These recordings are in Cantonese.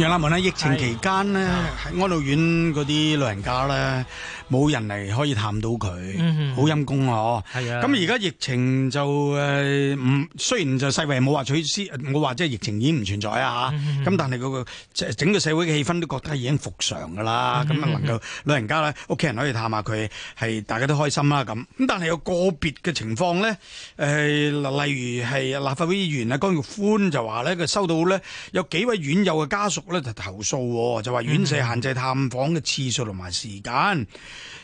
楊生問咧，疫情期間咧，喺的安老院嗰啲老人家咧。冇人嚟可以探到佢，好陰功啊！咁而家疫情就誒，唔雖然就世衛冇話取消，冇話即係疫情已經唔存在啊！咁、嗯、哼但係個整個社會嘅氣氛都覺得已經復常噶啦，咁啊、嗯、哼能夠老人家咧，屋企人可以探下佢，係大家都開心啦、啊、咁。咁但係有個別嘅情況咧、呃，例如係立法會議員啊，江玉歡就話咧，佢收到咧有幾位院友嘅家屬咧就投訴，就話院舍限制探訪嘅次數同埋時間。嗯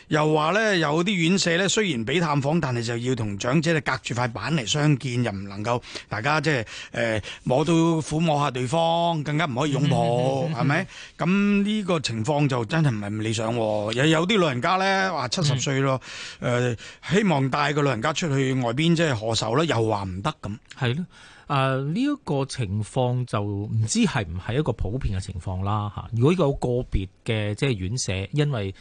又話咧有啲院舍咧，雖然俾探訪，但係就要同長者隔住塊板嚟相見，又唔能夠大家即係誒摸到撫摸下對方，更加唔可以擁抱，係咪？ 咁呢個情況就真係唔係唔理想喎。有啲老人家咧話七十歲咯，誒、呃、希望帶個老人家出去外邊即係賀壽，咧，又話唔得咁。係咯，誒呢一個情況就唔知係唔係一個普遍嘅情況啦吓。如果一個有個別嘅即係院舍，因為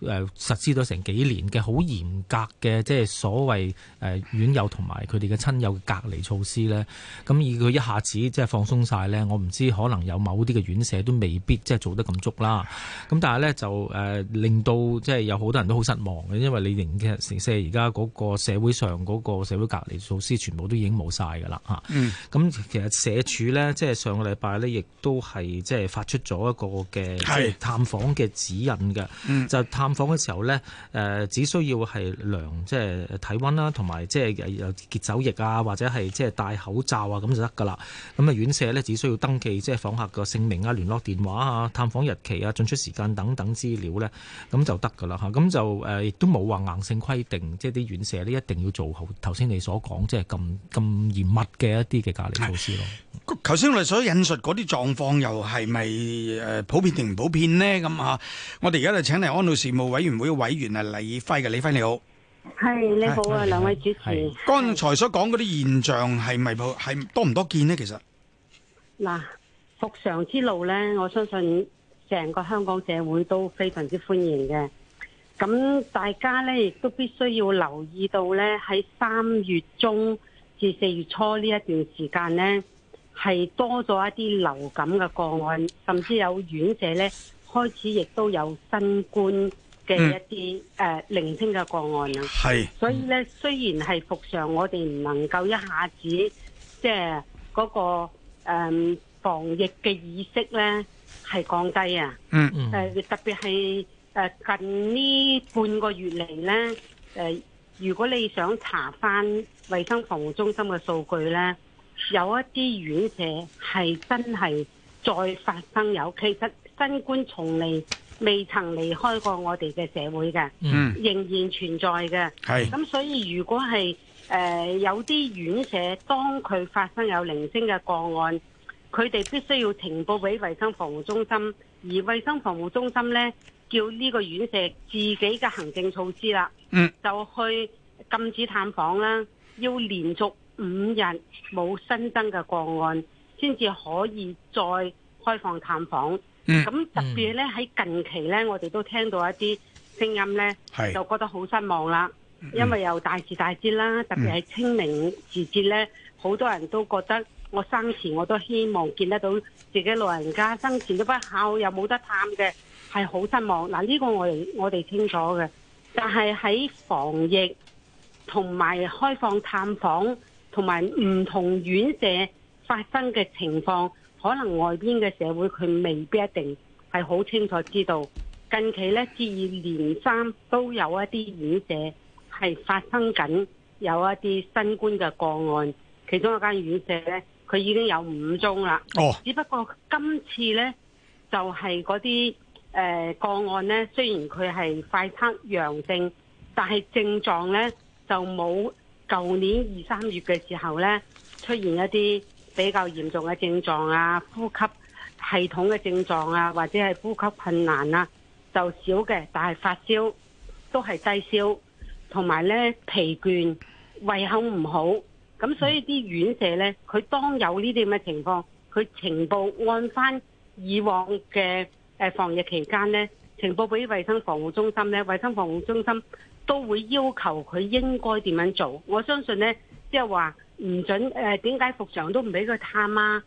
誒、呃、實施咗成幾年嘅好嚴格嘅，即係所謂誒、呃、院友同埋佢哋嘅親友嘅隔離措施咧。咁以佢一下子即係放鬆晒咧，我唔知可能有某啲嘅院舍都未必即係做得咁足啦。咁但係咧就誒、呃、令到即係有好多人都好失望嘅，因為你認嘅實社而家嗰個社會上嗰個社會隔離措施全部都已經冇晒㗎啦嚇。咁、嗯嗯、其實社署咧即係上個禮拜咧亦都係即係發出咗一個嘅探訪嘅指引嘅，嗯、就探。訪嘅時候呢，誒，只需要係量即係、就是、體溫啦，同埋即係有潔手液啊，或者係即係戴口罩啊，咁就得噶啦。咁啊，院舍呢，只需要登記即係訪客個姓名啊、聯絡電話啊、探訪日期啊、進出時間等等資料呢，咁就得噶啦吓。咁就誒，亦都冇話硬性規定，即係啲院舍呢一定要做好頭先你所講即係咁咁嚴密嘅一啲嘅隔離措施咯。頭先我哋所引述嗰啲狀況，又係咪誒普遍定唔普遍呢？咁啊，我哋而家就請嚟安老士務委員會嘅委員係李輝嘅，李輝你好，係你好啊，兩是位主持。剛才所講嗰啲現象係咪係多唔多見呢？其實嗱，復常之路咧，我相信成個香港社會都非常之歡迎嘅。咁大家咧亦都必須要留意到咧，喺三月中至四月初呢一段時間咧，係多咗一啲流感嘅個案，甚至有院舍咧開始亦都有新冠嘅一啲誒、嗯呃、零星嘅個案啊，是所以咧雖然係復常，我哋唔能夠一下子即係嗰個、嗯、防疫嘅意識咧係降低啊。嗯嗯，誒、呃、特別係誒、呃、近呢半個月嚟咧，誒、呃、如果你想查翻衞生防護中心嘅數據咧，有一啲院舍係真係再發生有期，其實新冠重嚟。未曾離開過我哋嘅社會嘅，嗯、仍然存在嘅。咁是，所以如果係誒、呃、有啲院舍，當佢發生有零星嘅個案，佢哋必須要停報俾衛生防護中心，而衛生防護中心呢，叫呢個院舍自己嘅行政措施啦，嗯、就去禁止探訪啦。要連續五日冇新增嘅個案，先至可以再開放探訪。咁、嗯嗯、特別咧喺近期咧，我哋都聽到一啲聲音咧，就覺得好失望啦。嗯、因為又大時大節啦，特別係清明時節節咧，好、嗯、多人都覺得我生前我都希望見得到自己老人家生前都不孝，又冇得探嘅，係好失望。嗱，呢、呢個我哋我哋清楚嘅，但係喺防疫同埋開放探訪同埋唔同院舍發生嘅情況。可能外邊嘅社會佢未必一定係好清楚知道，近期呢接二連三都有一啲院舍係發生緊有一啲新冠嘅個案，其中一間院舍呢，佢已經有五宗啦。只不過今次呢就係嗰啲誒個案呢，雖然佢係快測陽性，但係症狀呢就冇舊年二三月嘅時候呢出現一啲比較嚴重嘅症狀啊，呼吸系統嘅症狀啊，或者係呼吸困難啊，就少嘅，但係發燒都係低燒，同埋咧疲倦、胃口唔好，咁所以啲院舍咧，佢當有呢啲咁嘅情況，佢呈報，按返以往嘅誒防疫期間咧，呈報俾衛生防護中心咧，衛生防護中心都會要求佢應該點樣做，我相信咧，即係話。唔准誒？點、呃、解服長都唔俾佢探啊、啊？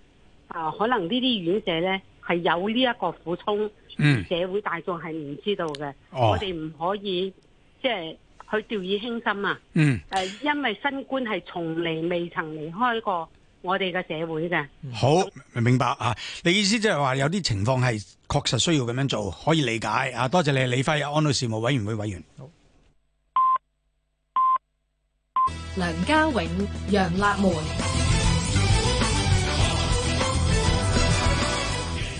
啊、呃，可能呢啲院舍咧係有呢一個苦衷，社會大眾係唔知道嘅。嗯、我哋唔可以即係去掉以輕心啊！誒、嗯呃，因為新冠係從嚟未曾離開過我哋嘅社會嘅。嗯嗯、好明白啊！你意思即係話有啲情況係確實需要咁樣做，可以理解啊！多謝你，李輝安老事務委員會委員。.梁家永、楊立梅。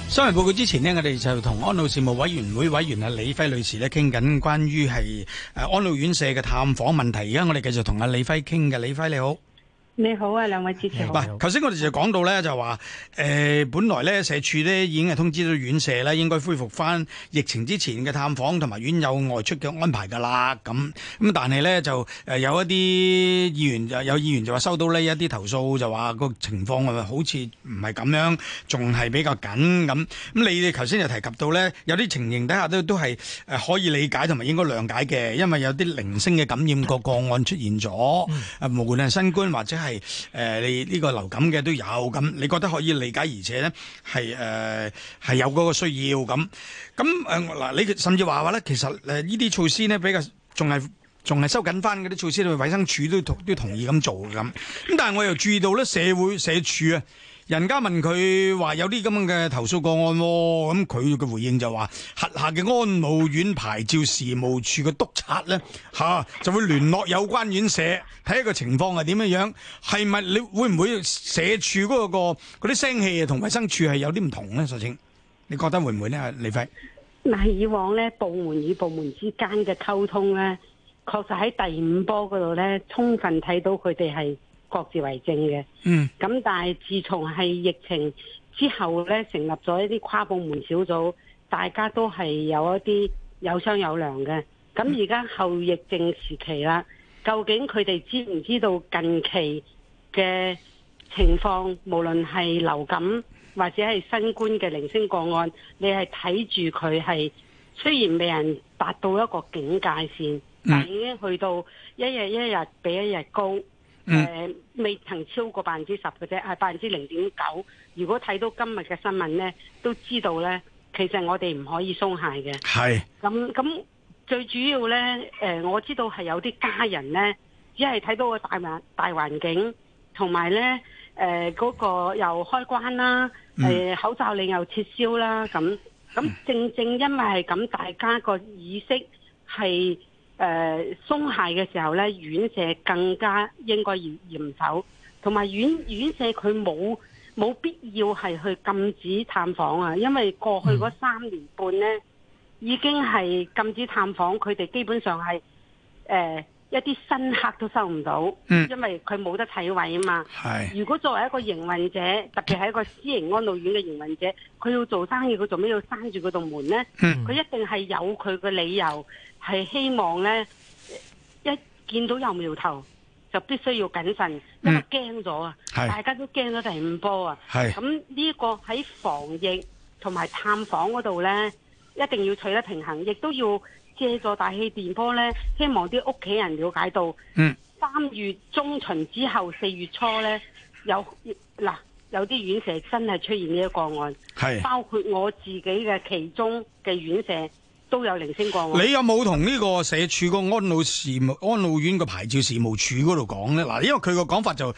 新聞報告之前咧，我哋就同安老事務委員會委員啊李輝女士咧傾緊關於係誒安老院舍嘅探訪問題。而家我哋繼續同阿李輝傾嘅，李輝你好。你好啊，兩位主持。唔頭先我哋就講到咧，就話誒本來咧社署咧已經係通知到院舍咧，應該恢復翻疫情之前嘅探訪同埋院友外出嘅安排㗎啦。咁咁，但係咧就誒有一啲議員就有議員就話收到呢一啲投訴就話個情況係咪好似唔係咁樣仲係比較緊咁。咁你哋頭先就提及到咧，有啲情形底下都都係誒可以理解同埋應該諒解嘅，因為有啲零星嘅感染個個案出現咗，嗯、無論係新冠或者係。係誒、呃，你呢個流感嘅都有咁，你覺得可以理解，而且咧係誒係有嗰個需要咁。咁誒嗱，你甚至話話咧，其實誒呢啲措施咧比較仲係仲係收緊翻嗰啲措施，衛生署都同都同意咁做嘅咁。咁但係我又注意到咧，社會社署啊。人家問佢話有啲咁樣嘅投訴個案，咁佢嘅回應就話，轄下嘅安老院牌照事務處嘅督察咧，吓、啊、就會聯絡有關院舍，睇個情況係點樣樣，係咪你會唔會社署嗰、那個嗰啲聲氣同衛生署係有啲唔同咧？索請你覺得會唔會呢李輝，嗱，以往咧部門與部門之間嘅溝通咧，確實喺第五波嗰度咧，充分睇到佢哋係。各自為政嘅，嗯，咁但係自從係疫情之後咧，成立咗一啲跨部門小組，大家都係有一啲有商有量嘅。咁而家後疫症時期啦，究竟佢哋知唔知道近期嘅情況？無論係流感或者係新冠嘅零星個案，你係睇住佢係雖然未能達到一個警戒線，但已經去到一日一日比一日高。誒未、嗯呃、曾超過百分之十嘅啫，係百分之零點九。如果睇到今日嘅新聞呢，都知道呢，其實我哋唔可以鬆懈嘅。係是。咁咁、嗯嗯、最主要呢，呃、我知道係有啲家人呢，只係睇到個大，大環大環境，同埋呢誒嗰、呃那個又開關啦，呃、口罩令又撤銷啦，咁咁、嗯嗯、正正因為係咁，大家個意識係。誒，鬆懈嘅時候呢，院舍更加應該嚴嚴守，同埋院院舍佢冇冇必要係去禁止探訪啊，因為過去嗰三年半呢，已經係禁止探訪，佢哋基本上係誒一啲新客都收唔到，因為佢冇得體位啊嘛，係。如果作為一個營運者，特別係一個私營安老院嘅營運者，佢要做生意，佢做咩要閂住嗰道門呢？佢一定係有佢嘅理由。係希望咧，一見到有苗頭就必須要謹慎，嗯、因為驚咗啊！是大家都驚咗第五波啊！咁呢是個喺防疫同埋探訪嗰度呢，一定要取得平衡，亦都要借助大氣電波呢。希望啲屋企人了解到。嗯，三月中旬之後四月初呢，有嗱有啲院舍真係出現呢個案，是包括我自己嘅其中嘅院舍。都有零星個案。你有冇同呢個社署個安老事務安老院個牌照事務處嗰度講咧？嗱，因為佢個講法就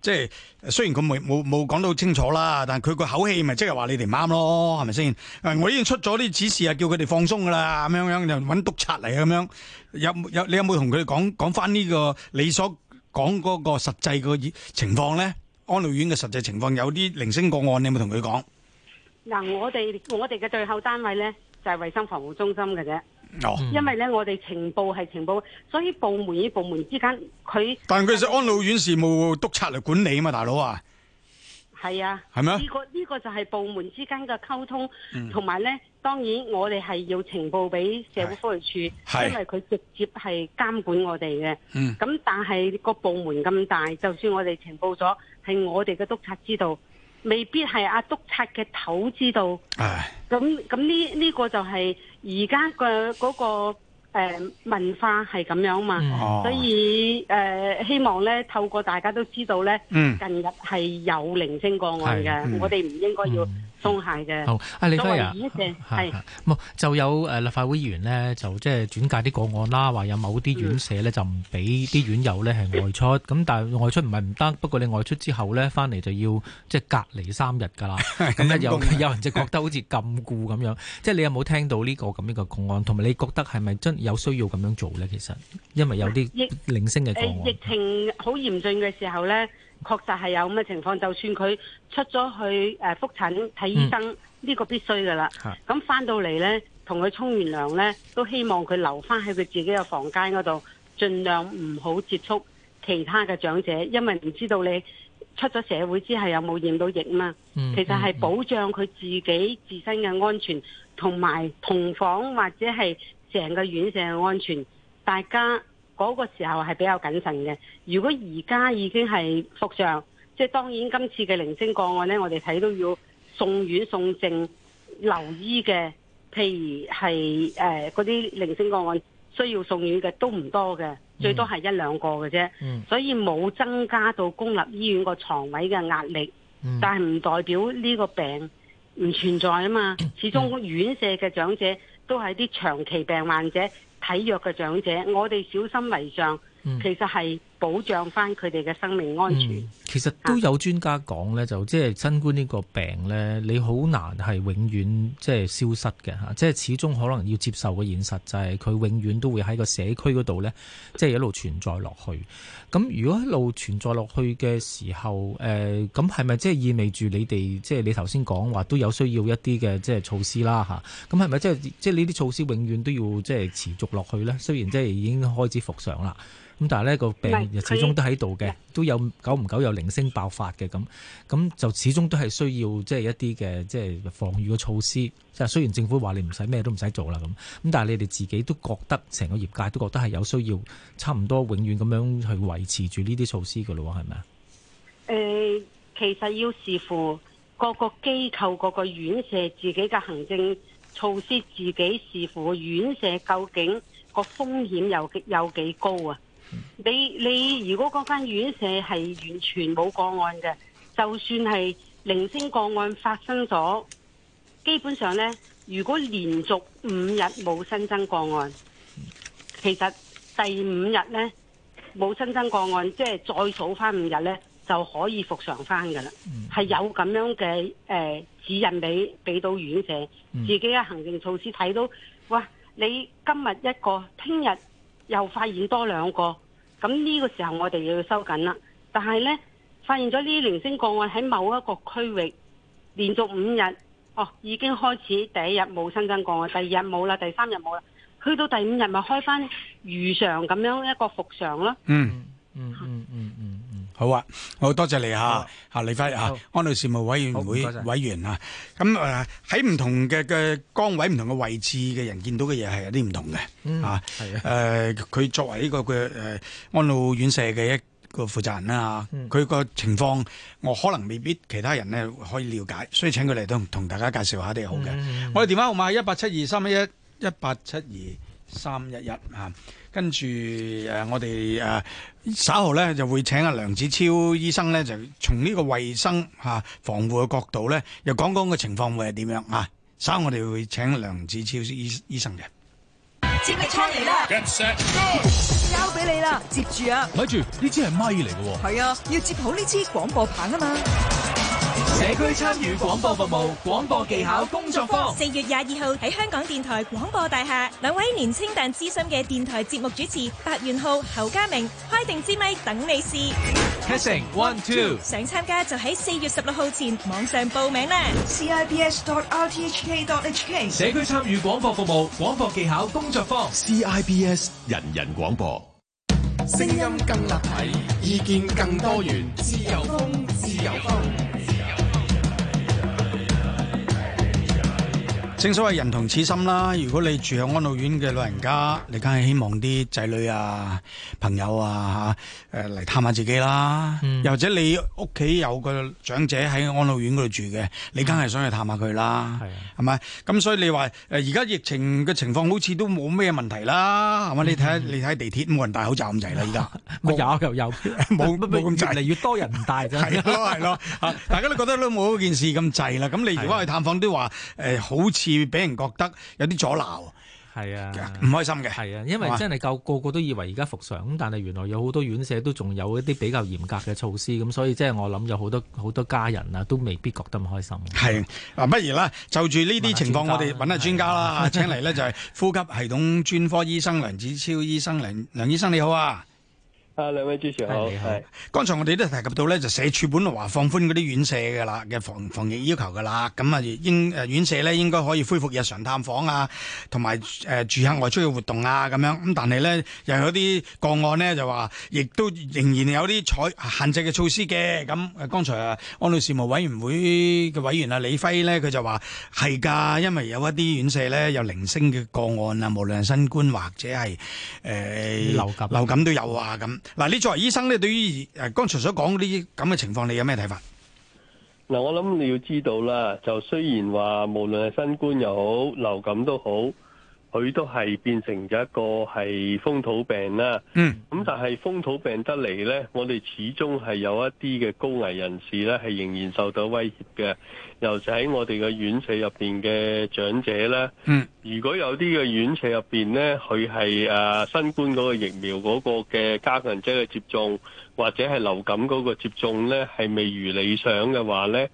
即係雖然佢冇冇冇講到清楚啦，但係佢個口氣咪即係話你哋唔啱咯，係咪先？我已經出咗啲指示啊，叫佢哋放鬆噶啦，咁樣樣就揾督察嚟，咁樣有有你有冇同佢講講翻呢個你所講嗰個實際個情況咧？安老院嘅實際情況有啲零星個案，你有冇同佢講？嗱，我哋我哋嘅最後單位咧。就係衞生防護中心嘅啫，因為咧我哋情報係情報，所以部門與部門之間佢，但其實安老院事務督察嚟管理啊嘛，大佬啊，係啊嗎，係咩、呢個？呢個呢個就係部門之間嘅溝通，同埋咧當然我哋係要情報俾社會福利署，是因為佢直接係監管我哋嘅，咁、嗯、但係個部門咁大，就算我哋情報咗，係我哋嘅督察知道。未必係阿督察嘅頭知道，咁咁呢呢個就係而家嘅嗰個、呃、文化係咁樣嘛，哦、所以誒、呃、希望呢，透過大家都知道呢、嗯、近日係有零星個案嘅，嗯、我哋唔應該要。送鞋嘅，作李院係就有立法會議員呢，就即係轉介啲個案啦，話有某啲院舍呢，就唔俾啲院友呢係外出，咁但係外出唔係唔得，不過你外出之後呢，翻嚟就要即係隔離三日㗎啦。咁有有人就覺得好似禁錮咁樣，即係你有冇聽到呢個咁樣個個案？同埋你覺得係咪真有需要咁樣做呢？其實因為有啲零星嘅個案，疫情好嚴峻嘅時候呢。確實係有咁嘅情況，就算佢出咗去誒復、呃、診睇醫生，呢、嗯、個必須㗎啦。咁翻、啊、到嚟呢，同佢沖完涼呢，都希望佢留翻喺佢自己嘅房間嗰度，盡量唔好接觸其他嘅長者，因為唔知道你出咗社會之後有冇驗到疫嘛。嗯、其實係保障佢自己自身嘅安全，同埋同房或者係成個院舍嘅安全，大家。嗰個時候係比較謹慎嘅。如果而家已經係復常，即係當然今次嘅零星個案呢，我哋睇到要送院送症留醫嘅，譬如係誒嗰啲零星個案需要送院嘅都唔多嘅，最多係一兩個嘅啫。嗯、所以冇增加到公立醫院個床位嘅壓力，嗯、但係唔代表呢個病唔存在啊嘛。始終院舍嘅長者都係啲長期病患者。體弱嘅長者，我哋小心為上，其實，係。保障翻佢哋嘅生命安全。嗯、其實都有專家講呢，就即係新冠呢個病呢，你好難係永遠即係消失嘅嚇。即係始終可能要接受嘅現實，就係，就係佢永遠都會喺個社區嗰度呢，即係一路存在落去。咁如果一路存在落去嘅時候，誒咁係咪即係意味住你哋即係你頭先講話都有需要一啲嘅即係措施啦嚇？咁係咪即係即係呢啲措施永遠都要即係持續落去呢？雖然即係已經開始復常啦。咁但係呢個病又始終都喺度嘅，不都有久唔久有零星爆發嘅咁，咁就始終都係需要即係一啲嘅即係防禦嘅措施。即係雖然政府話你唔使咩都唔使做啦咁，咁但係你哋自己都覺得成個業界都覺得係有需要，差唔多永遠咁樣去維持住呢啲措施嘅咯，係咪啊？誒、呃，其實要視乎各個機構、各個院舍自己嘅行政措施，自己視乎院舍究竟個風險有有幾高啊？你你如果嗰間院舍係完全冇個案嘅，就算係零星個案發生咗，基本上呢，如果連續五日冇新增個案，其實第五日呢，冇新增個案，即係再數翻五日呢，就可以復常翻噶啦。係、嗯、有咁樣嘅誒、呃、指引俾，俾到院舍自己嘅行政措施睇到，哇！你今日一個，聽日又發現多兩個。咁呢個時候我哋又要收緊啦，但係呢，發現咗呢啲零星個案喺某一個區域連續五日，哦，已經開始第一日冇新增個案，第二日冇啦，第三日冇啦，去到第五日咪開翻如常咁樣一個復常咯、嗯。嗯嗯嗯嗯。嗯。好啊，好多謝你吓、啊，阿李輝吓，啊、好安老事務委員會謝謝委員啊。咁誒，喺、呃、唔同嘅嘅崗位、唔同嘅位置嘅人見到嘅嘢係有啲唔同嘅，嗯、啊，係誒的，佢、呃、作為呢個嘅誒安老院舍嘅一個負、呃、責人啦，佢個情況我可能未必其他人咧可以了解，所以請佢嚟到同大家介紹下啲好嘅。嗯嗯、我哋電話號碼係一八七二三一一一八七二。三一一，跟住誒，我哋誒，稍後咧就會請阿梁子超醫生咧，就從呢個衛生吓防護嘅角度咧，又講講個情況會係點樣啊。稍後我哋會請梁子超醫醫生嘅。接麥出嚟啦，交俾你啦，接住啊。咪住，呢支係咪嚟嘅？係啊，要接好呢支廣播棒啊嘛。社區參與廣播服務廣播技巧工作坊，四月廿二號喺香港電台廣播大廈，兩位年青但資深嘅電台節目主持，白元浩、侯家明，開定支咪等你試。試試 one two，想參加就喺四月十六號前網上報名啦。cibs.rthk.hk 社區參與廣播服務廣播技巧工作坊，cibs 人人廣播，聲音更立體，意見更多元，自由風，自由風。正所謂人同此心啦，如果你住喺安老院嘅老人家，你梗係希望啲仔女啊、朋友啊嚇，誒嚟探下自己啦。又或者你屋企有個長者喺安老院嗰度住嘅，你梗係想去探下佢啦。係啊，係咪？咁所以你話誒而家疫情嘅情況好似都冇咩問題啦，係咪？你睇下，你睇地鐵冇人戴口罩咁滯啦，而家有又有冇冇咁滯？越嚟越多人唔戴啫。係咯係咯嚇，大家都覺得都冇嗰件事咁滯啦。咁你如果去探訪嘅話誒，好似～要俾人覺得有啲阻撓，係啊，唔開心嘅，係啊，因為真係夠個,個個都以為而家復常，咁但係原來有好多院舍都仲有一啲比較嚴格嘅措施，咁所以即係我諗有好多好多家人啊，都未必覺得唔開心。係，啊，不如咧就住呢啲情況，問問我哋揾下專家啦，啊、請嚟呢就係呼吸系統專科醫生梁子超醫生，梁梁醫生你好啊。啊！兩位主持人好，係剛是才我哋都提及到咧，就社署本嚟話放寬嗰啲院舍嘅啦嘅防防疫要求嘅啦，咁啊應誒院舍咧應該可以恢復日常探訪啊，同埋誒住客外出嘅活動啊咁樣。咁但係咧又有啲個案咧就話，亦都仍然有啲採限制嘅措施嘅。咁誒剛才啊安老事務委員會嘅委員啊李輝咧，佢就話係噶，因為有一啲院舍咧有零星嘅個案啊，無論係新冠或者係誒、呃、流感金流感都有啊咁。嗱，你作為醫生咧，對於誒剛才所講嗰啲咁嘅情況，你有咩睇法？嗱，我諗你要知道啦，就雖然話無論係新冠又好，流感都好。佢都係變成咗一個係風土病啦。嗯，咁但係風土病得嚟呢，我哋始終係有一啲嘅高危人士呢，係仍然受到威脅嘅。尤其喺我哋嘅院舍入面嘅長者呢，嗯，如果有啲嘅院舍入面呢，佢係誒新冠嗰個疫苗嗰個嘅加強劑嘅接種，或者係流感嗰個接種呢，係未如理想嘅話呢。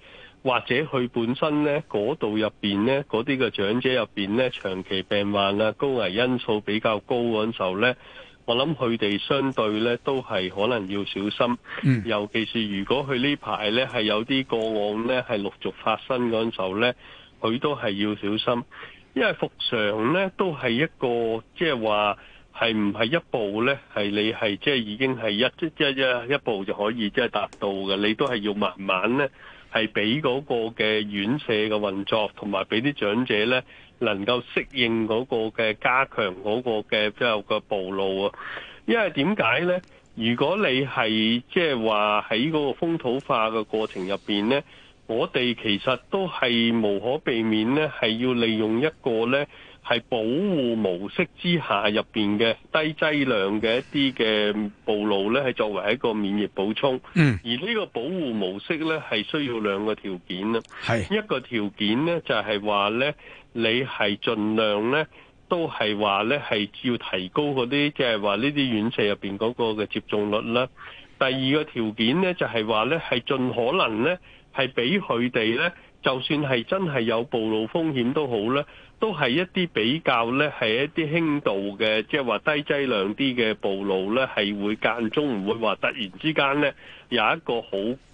或者佢本身咧，嗰度入邊咧，嗰啲嘅長者入邊咧，長期病患啊，高危因素比較高嗰陣時候咧，我諗佢哋相對咧都係可能要小心。嗯、尤其是如果佢呢排咧係有啲個案咧係陸續發生嗰陣時候咧，佢都係要小心，因為復常咧都係一個即係話，係唔係一步咧係你係即係已經係一、即係、一一一步就可以即係達到嘅，你都係要慢慢咧。係俾嗰個嘅院舍嘅運作，同埋俾啲長者呢能夠適應嗰個嘅加強嗰個嘅即係嘅暴露啊！因為點解呢？如果你係即係話喺嗰個風土化嘅過程入邊呢，我哋其實都係無可避免呢，係要利用一個呢。係保護模式之下入邊嘅低劑量嘅一啲嘅暴露咧，係作為一個免疫補充。嗯，而呢個保護模式咧，係需要兩個條件啦。係是一個條件咧，就係話咧，你係盡量咧，都係話咧，係要提高嗰啲即係話呢啲院舍入邊嗰個嘅接種率啦。第二個條件咧，就係話咧，係盡可能咧，係俾佢哋咧，就算係真係有暴露風險都好咧。都係一啲比較呢，係一啲輕度嘅，即係話低劑量啲嘅暴露呢，係會間中唔會話突然之間呢，有一個好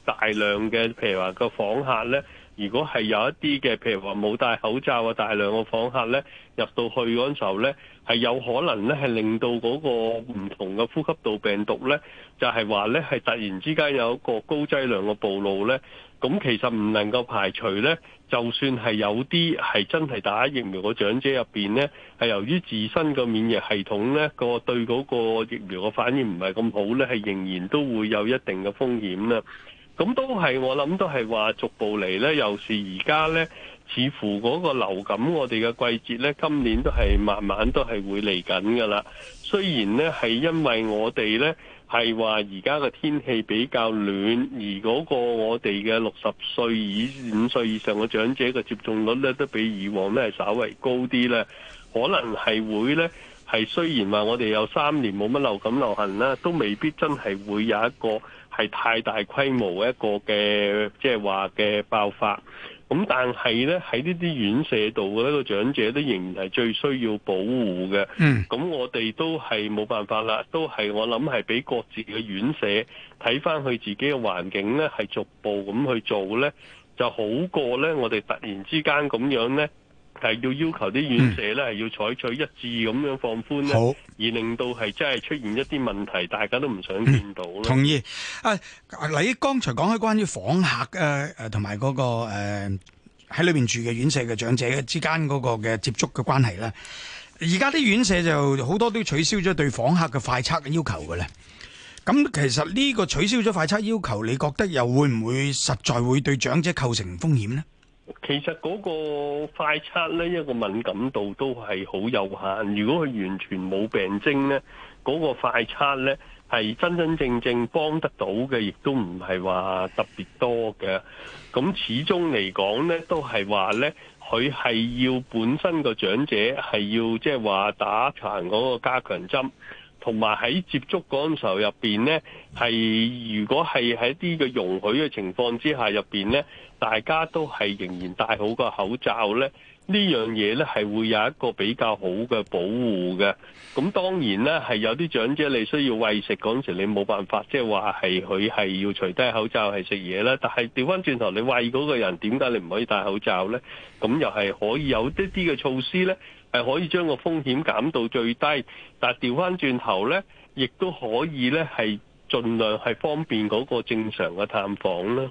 大量嘅，譬如話個訪客呢。如果係有一啲嘅，譬如話冇戴口罩啊，大量嘅訪客咧入到去嗰陣時候咧，係有可能咧係令到嗰個唔同嘅呼吸道病毒咧，就係話咧係突然之間有一個高劑量嘅暴露咧，咁其實唔能夠排除咧，就算係有啲係真係打疫苗嘅長者入邊咧，係由於自身個免疫系統咧個對嗰個疫苗嘅反應唔係咁好咧，係仍然都會有一定嘅風險啦。咁都係，我諗都係話逐步嚟，呢又是而家呢，似乎嗰個流感我哋嘅季節呢，今年都係慢慢都係會嚟緊噶啦。雖然呢，係因為我哋呢係話而家嘅天氣比較暖，而嗰個我哋嘅六十歲以五歲以上嘅長者嘅接種率呢，都比以往呢係稍為高啲呢。可能係會呢，係雖然話我哋有三年冇乜流感流行啦，都未必真係會有一個。係太大規模一個嘅，即係話嘅爆發。咁但係呢，喺呢啲院舍度呢個長者都仍然係最需要保護嘅。嗯，咁我哋都係冇辦法啦，都係我諗係俾各自嘅院舍睇翻佢自己嘅環境呢，係逐步咁去做呢就好過呢，我哋突然之間咁樣呢。係要要求啲院舍咧，係要採取一致咁樣放寬咧，嗯、而令到係真係出現一啲問題，大家都唔想見到咯、嗯。同意啊！嗱，你剛才講開關於訪客誒誒同埋嗰個誒喺、啊、裡邊住嘅院舍嘅長者之間嗰個嘅接觸嘅關係咧，而家啲院舍就好多都取消咗對訪客嘅快測嘅要求嘅咧。咁其實呢個取消咗快測要求，你覺得又會唔會實在會對長者構成風險咧？其實嗰個快測呢，一個敏感度都係好有限。如果佢完全冇病徵呢，嗰個快測呢係真真正正幫得到嘅，亦都唔係話特別多嘅。咁始終嚟講呢，都係話呢，佢係要本身個長者係要即係話打殘嗰個加強針。同埋喺接觸嗰陣時候入邊咧，係如果係喺啲嘅容許嘅情況之下入邊咧，大家都係仍然戴好個口罩咧。樣呢樣嘢呢係會有一個比較好嘅保護嘅，咁當然呢係有啲長者你需要餵食嗰陣時，你冇辦法即係話係佢係要除低口罩係食嘢啦。但係調翻轉頭，你餵嗰個人點解你唔可以戴口罩呢？咁又係可以有一啲嘅措施呢，係可以將個風險減到最低。但係調翻轉頭呢，亦都可以呢，係盡量係方便嗰個正常嘅探訪啦。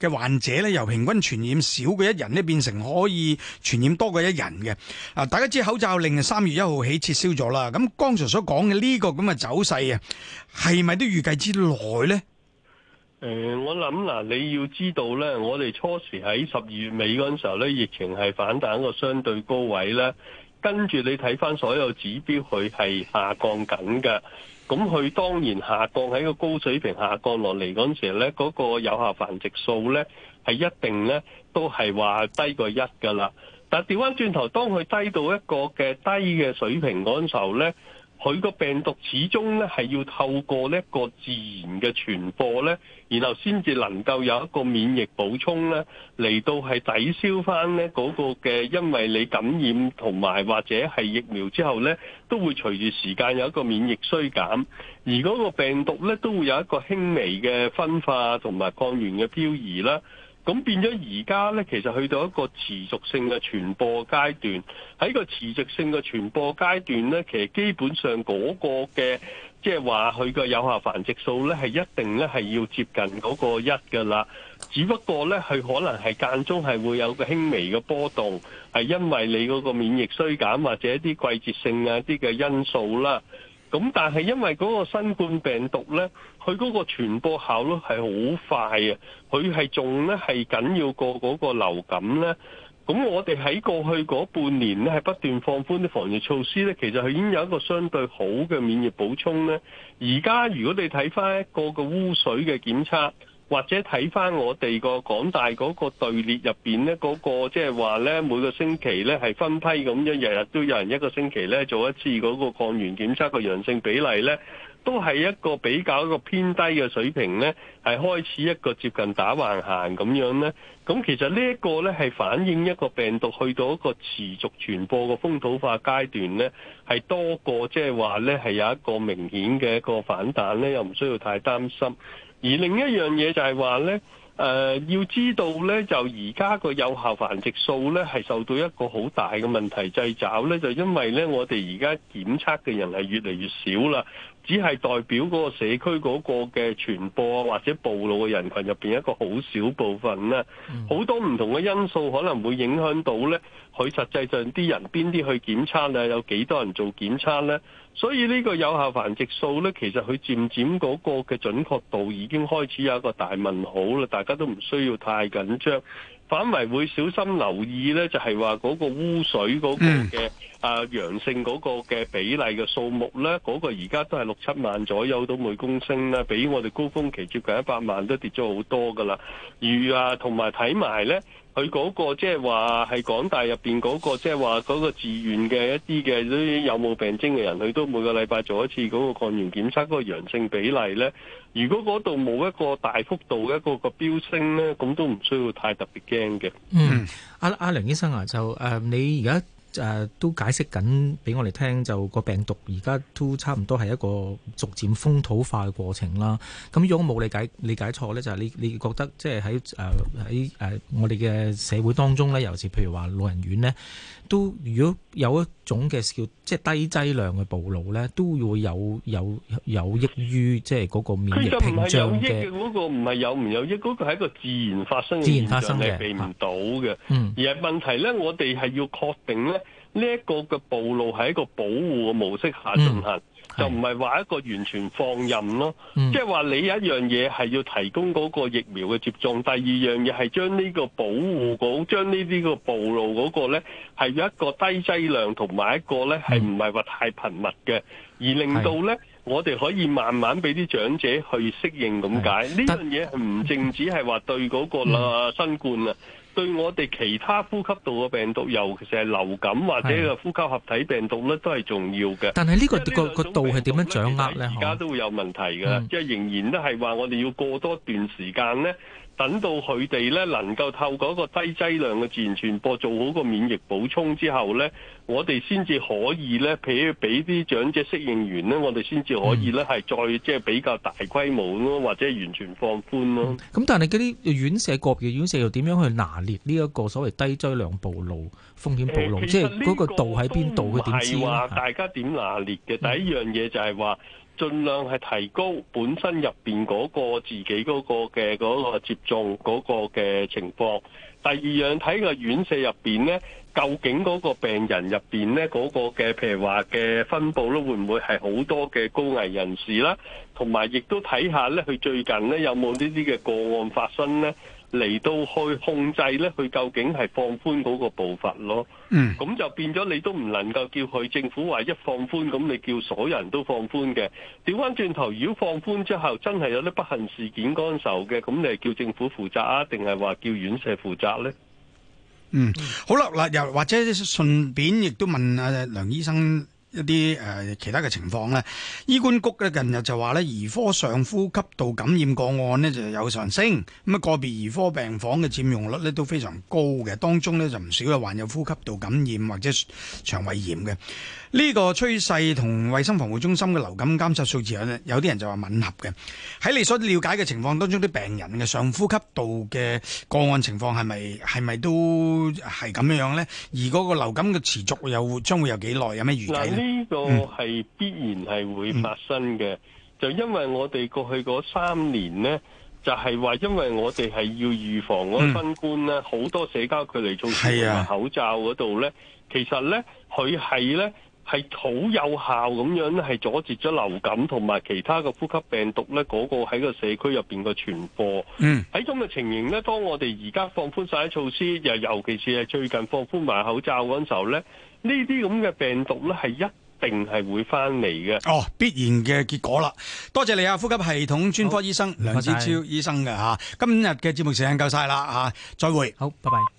嘅患者咧，由平均傳染少過一人咧，變成可以傳染多過一人嘅。啊，大家知口罩令係三月一號起撤銷咗啦。咁剛才所講嘅呢個咁嘅走勢啊，係咪都預計之內呢？誒、呃，我諗嗱，你要知道呢，我哋初時喺十二月尾嗰陣時候呢，疫情係反彈一個相對高位咧，跟住你睇翻所有指標，佢係下降緊㗎。咁佢當然下降，喺一個高水平下降落嚟嗰陣時咧，嗰、嗰個有效繁殖數咧，係一定咧都係話低過一㗎啦。但係調翻轉頭，當佢低到一個嘅低嘅水平嗰時候咧。佢個病毒始終咧係要透過呢一個自然嘅傳播咧，然後先至能夠有一個免疫補充咧，嚟到係抵消翻咧嗰個嘅，因為你感染同埋或者係疫苗之後咧，都會隨住時間有一個免疫衰減，而嗰個病毒咧都會有一個輕微嘅分化同埋抗原嘅漂移啦。咁變咗而家呢，其實去到一個持續性嘅傳播階段。喺個持續性嘅傳播階段呢，其實基本上嗰個嘅即係話佢嘅有效繁殖數呢，係一定呢係要接近嗰個一㗎啦。只不過呢，佢可能係間中係會有個輕微嘅波動，係因為你嗰個免疫衰減或者一啲季節性啊啲嘅因素啦。咁但係因為嗰個新冠病毒呢，佢嗰個傳播效率係好快啊，佢係仲呢係緊要過嗰個流感呢。咁我哋喺過去嗰半年呢，係不斷放寬啲防疫措施呢，佢其實已經有一個相對好嘅免疫補充呢。而家如果你睇翻一個個污水嘅檢測。或者睇翻我哋個港大嗰個隊列入面呢，嗰個即係話呢每個星期呢係分批咁，一日日都有人一個星期呢做一次嗰個抗原檢測嘅陽性比例呢都係一個比較一個偏低嘅水平，呢係開始一個接近打橫行咁樣，呢咁其實呢一個呢係反映一個病毒去到一個持續傳播嘅風土化階段呢係多過即係話呢係有一個明顯嘅一個反彈，呢又唔需要太擔心。而另一樣嘢就係話咧，誒、呃，要知道咧，就而家個有效繁殖數咧，係受到一個好大嘅問題掣肘咧，就是、因為咧，我哋而家檢測嘅人係越嚟越少啦。只係代表嗰個社區嗰個嘅傳播啊，或者暴露嘅人群入面一個好少部分啦，好多唔同嘅因素可能會影響到咧，佢實際上啲人邊啲去檢測啊，有幾多人做檢測咧？所以呢個有效繁殖數咧，其實佢漸漸嗰個嘅準確度已經開始有一個大問號啦，大家都唔需要太緊張。反為會小心留意呢，就係話嗰個污水嗰個嘅啊陽性嗰個嘅比例嘅數目呢，嗰個而家都係六七萬左右到每公升啦。比我哋高峰期接近一百萬都跌咗好多噶啦，而啊同埋睇埋呢。佢嗰個即係話係港大入邊嗰個即係話嗰個自願嘅一啲嘅有冇病徵嘅人，佢都每個禮拜做一次嗰個抗原檢測，嗰個陽性比例呢，如果嗰度冇一個大幅度一個個飆升呢，咁都唔需要太特別驚嘅。嗯，阿阿梁醫生啊，就誒、呃、你而家。誒、呃、都解釋緊俾我哋聽，就個病毒而家都差唔多係一個逐漸風土化嘅過程啦。咁如果冇理解理解錯咧，就係、是、你你覺得即係喺喺我哋嘅社會當中咧，尤其譬如話老人院呢，都如果有一種嘅叫即係低劑量嘅暴露咧，都會有有有益於即係嗰個免疫屏障嘅。佢唔係有益嘅嗰個，唔係有唔有益嗰、那個係一個自然發生嘅自然發生嘅避唔到嘅。啊嗯、而係問題咧，我哋係要確定咧。呢一個嘅暴露係一個保護嘅模式下進行，就唔係話一個完全放任咯。即係話你有一樣嘢係要提供嗰個疫苗嘅接種，第二樣嘢係將呢個保護嗰，將呢啲嘅暴露嗰個呢係一個低劑量，同埋一個呢係唔係話太頻密嘅，而令到呢我哋可以慢慢俾啲長者去適應咁解。呢樣嘢係唔淨止係話對嗰個啊新冠啊。對我哋其他呼吸道嘅病毒，尤其是係流感或者嘅呼吸合體病毒咧，都係重要嘅。但係呢、這個、這個個度係點樣掌握咧？而家都會有問題㗎，即係、嗯、仍然都係話我哋要過多段時間咧。等到佢哋咧能夠透過一個低劑量嘅自然傳播做好個免疫補充之後咧，我哋先至可以咧，譬如俾啲長者適應完咧，我哋先至可以咧，係再即係比較大規模咯，或者完全放寬咯。咁、嗯嗯、但係嗰啲院舍個別院舍又點樣去拿捏呢一個所謂低劑量暴露風險暴露？即係嗰個度不道喺邊度？佢點知係話大家點拿捏嘅？嗯、第一樣嘢就係話。盡量係提高本身入面嗰個自己嗰個嘅嗰個接種嗰個嘅情況。第二樣睇個院舍入面咧，究竟嗰個病人入面咧嗰個嘅譬如話嘅分佈咧，會唔會係好多嘅高危人士啦？同埋亦都睇下咧，佢最近咧有冇呢啲嘅個案發生咧？嚟到去控制呢，佢究竟係放寬嗰個步伐咯。嗯，咁就變咗你都唔能夠叫佢政府話一放寬，咁你叫所有人都放寬嘅。調翻轉頭，如果放寬之後真係有啲不幸事件乾受嘅，咁你係叫政府負責啊，定係話叫院舍負責呢？嗯，好啦，嗱，又或者順便亦都問阿梁醫生。一啲誒、呃、其他嘅情況呢，醫管局呢近日就話呢兒科上呼吸道感染個案呢就有上升，咁啊個別兒科病房嘅佔用率呢都非常高嘅，當中呢就唔少有患有呼吸道感染或者腸胃炎嘅。呢、呢個趨勢同衞生防護中心嘅流感監測數字有啲人就話吻合嘅。喺你所了解嘅情況當中，啲病人嘅上呼吸道嘅個案情況係咪係咪都係咁樣呢？而嗰個流感嘅持續又將會有幾耐？有咩預計呢？呢個係必然係會發生嘅，嗯、就因為我哋過去嗰三年咧，就係、是、話因為我哋係要預防嗰新冠咧，好、嗯、多社交距離措施同埋口罩嗰度咧，啊、其實咧佢係咧係好有效咁樣，係阻截咗流感同埋其他嘅呼吸病毒咧，嗰、嗰個喺個社區入邊嘅傳播。喺咁嘅情形咧，當我哋而家放寬晒啲措施，又尤其是係最近放寬埋口罩嗰陣時候咧。呢啲咁嘅病毒咧，係一定係會翻嚟嘅。哦，必然嘅結果啦。多謝你啊，呼吸系統專科醫生好梁子超醫生嘅吓謝、啊。今日嘅節目時間夠晒啦吓，再會。好，拜拜。